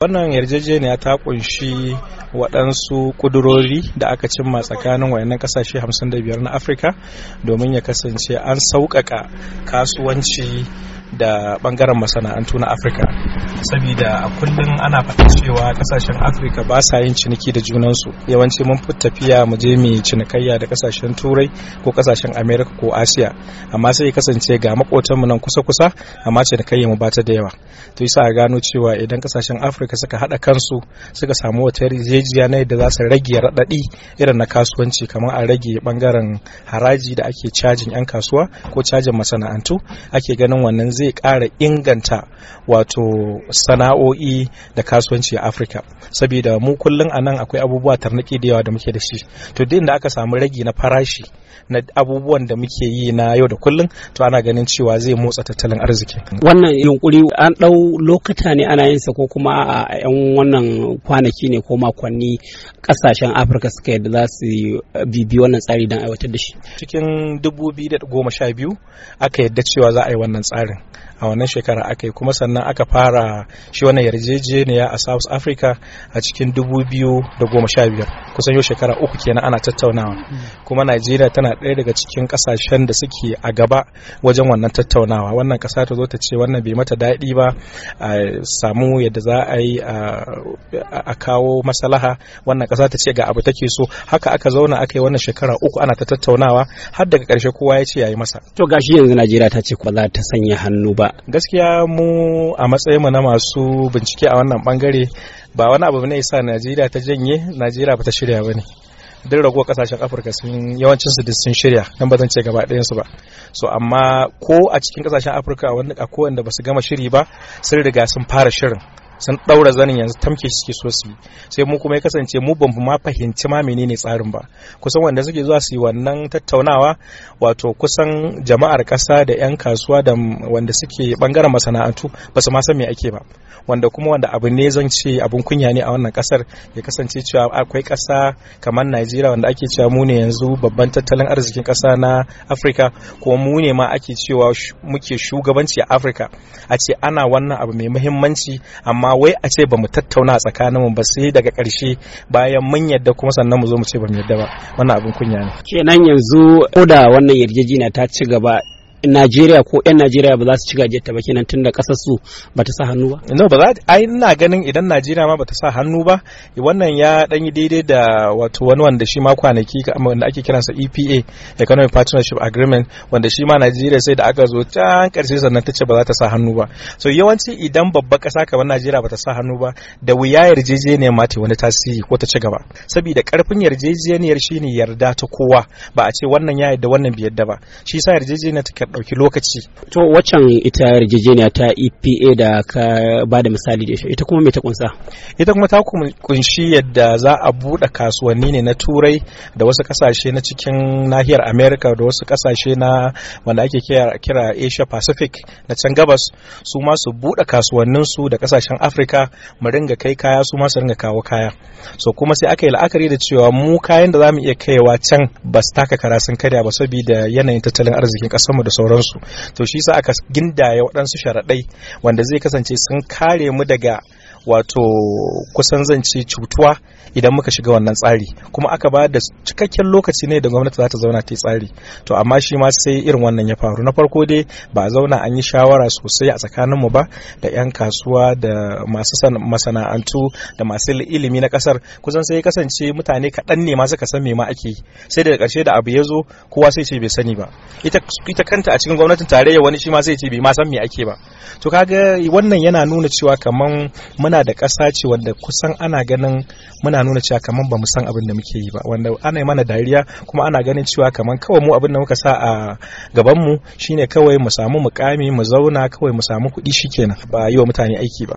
wannan yarjejeniya ta kunshi waɗansu ƙudurori da aka cimma tsakanin wayannan ƙasashe 55 na afirka domin ya kasance an sauƙaƙa kasuwanci da bangaren masana'antu na afirka saboda a kullum ana fata cewa kasashen afirka ba sa yin ciniki da junansu yawanci mun fi tafiya mu je mu cinikayya da kasashen turai ko kasashen america ko asiya amma sai kasance ga makotanmu nan kusa-kusa amma cinikayya mu bata da yawa to yasa a gano cewa idan kasashen afirka suka haɗa kansu suka samu wata yarjejiya na yadda za su rage raɗaɗi irin na kasuwanci kamar a rage bangaren haraji da ake cajin 'yan kasuwa ko cajin masana'antu ake ganin wannan zai kara inganta wato sana'o'i da kasuwanci a afirka saboda mu kullum a nan akwai abubuwa tarnaki da yawa da muke da shi to duk da aka samu ragi na farashi na abubuwan da muke yi na yau da kullum to ana ganin cewa zai motsa tattalin arziki wannan yunkuri an ɗau lokuta ne ana yin sa ko kuma a yan wannan kwanaki ne ko makonni ƙasashen afirka suka yadda za su bibi wannan tsari don aiwatar da shi cikin 2012 aka yadda cewa za a yi wannan tsarin a wannan shekara aka yi kuma sannan aka fara shi wannan yarjejeniya a south africa a cikin 2015 kusan yau shekara uku kenan ana tattaunawa hmm. kuma najeriya tana ɗaya daga cikin ƙasashen da suke a gaba wajen wannan tattaunawa wannan ƙasa ta zo ta ce wannan bai mata daɗi ba a samu yadda za a yi a kawo masalaha wannan ƙasa ta ce ga abu take so haka aka zauna aka yi wannan shekara uku ana ta tattaunawa har daga ƙarshe kowa ya ce ya yi masa to gashi yanzu najeriya ta ce ba za ta sanya hannu hannu ba gaskiya mu a matsayin mu na masu bincike a wannan bangare ba wani abu ne yasa najeriya ta janye najeriya ba ta shirya ba ne duk ragowar kasashen afirka sun yawancin su sun shirya nan ba zan ce gaba ɗayan su ba so amma ko a cikin kasashen afirka wanda a kowanda ba su gama shiri ba sun riga sun fara shirin sun daura zanin yanzu tamke shi suke so su yi sai mu kuma ya kasance mu ban ma fahimci ma menene tsarin ba kusan wanda suke zuwa su yi wannan tattaunawa wato kusan jama'ar kasa da 'yan kasuwa da wanda suke bangaren masana'antu ba su ma san me ake ba wanda kuma wanda abu ne zan ce abun kunya ne a wannan kasar ya kasance cewa akwai kasa kamar Najeriya wanda ake cewa mu ne yanzu babban tattalin arzikin kasa na Afirka ko mu ne ma ake cewa muke shugabanci a Afirka a ce ana wannan abu mai muhimmanci amma wai a ce ba mu tattauna tsakanin mu ba sai daga ƙarshe bayan mun yadda kuma sannan mu zo mu ce ba mu yadda ba wannan abin kunya ne kenan yanzu ko da wannan yarjejina ta ci gaba Najeriya ko 'yan Najeriya ba za su ci gajiyar ta ba kenan tun da ƙasar su ba ta sa hannu ba. No ba za ai ina ganin idan Najeriya ma ba ta sa hannu ba wannan ya dan yi daidai da wato wani wanda shi ma kwanaki wanda ake kiransa EPA Economic Partnership Agreement wanda shi ma Najeriya sai da aka zo can karshe sannan ta ce ba za ta sa hannu ba. So yawanci idan babba ƙasa kamar Najeriya ba ta sa hannu ba da wuya yarjejeniyar ma ta wani tasiri ko ta ci gaba. Saboda karfin yarjejeniyar shine yarda ta kowa ba a ce wannan ya yarda wannan bai yarda ba. Shi sa yarjejeniyar ta ɗauki lokaci. To waccan ita yarjejeniya ta EPA da ka ba da misali da ita kuma me ta kunsa? Ita kuma ta kunshi yadda za a buɗe kasuwanni ne na Turai da wasu ƙasashe na cikin nahiyar America da wasu ƙasashe na wanda ake kira Asia Pacific na can gabas su ma su buɗe kasuwannin su da ƙasashen Africa mu ringa kai kaya su ma su ringa kawo kaya. So kuma sai aka yi la'akari da cewa mu kayan da za mu iya kaiwa can ba taka kara sun karya ba saboda yanayin tattalin arzikin ƙasarmu da sauransu to shi sa aka gindaya waɗansu sharaɗai wanda zai kasance sun kare mu daga wato kusan zance cutuwa idan muka shiga wannan tsari kuma aka ba da cikakken lokaci ne da gwamnati za ta zauna ta yi tsari to amma shi ma sai irin wannan ya faru na farko dai ba zauna an yi shawara sosai a tsakaninmu ba da 'yan kasuwa da masu masana'antu da masu ilimi na kasar kusan sai ya kasance mutane kaɗan ne ma suka san me ma ake yi sai daga ƙarshe da abu ya zo kowa sai ce bai sani ba ita kanta a cikin gwamnatin tarayya wani shi ma sai ce bai ma san me ake ba to kaga wannan yana nuna cewa kaman muna da ƙasa ce wanda kusan ana ganin muna nuna cewa kamar ba mu san abin da muke yi ba wanda ana yi mana dariya kuma ana ganin cewa kamar kawai mu abin da muka sa a gaban mu shine kawai mu samu mukami mu zauna kawai mu samu kuɗi shikenan ba yi wa mutane aiki ba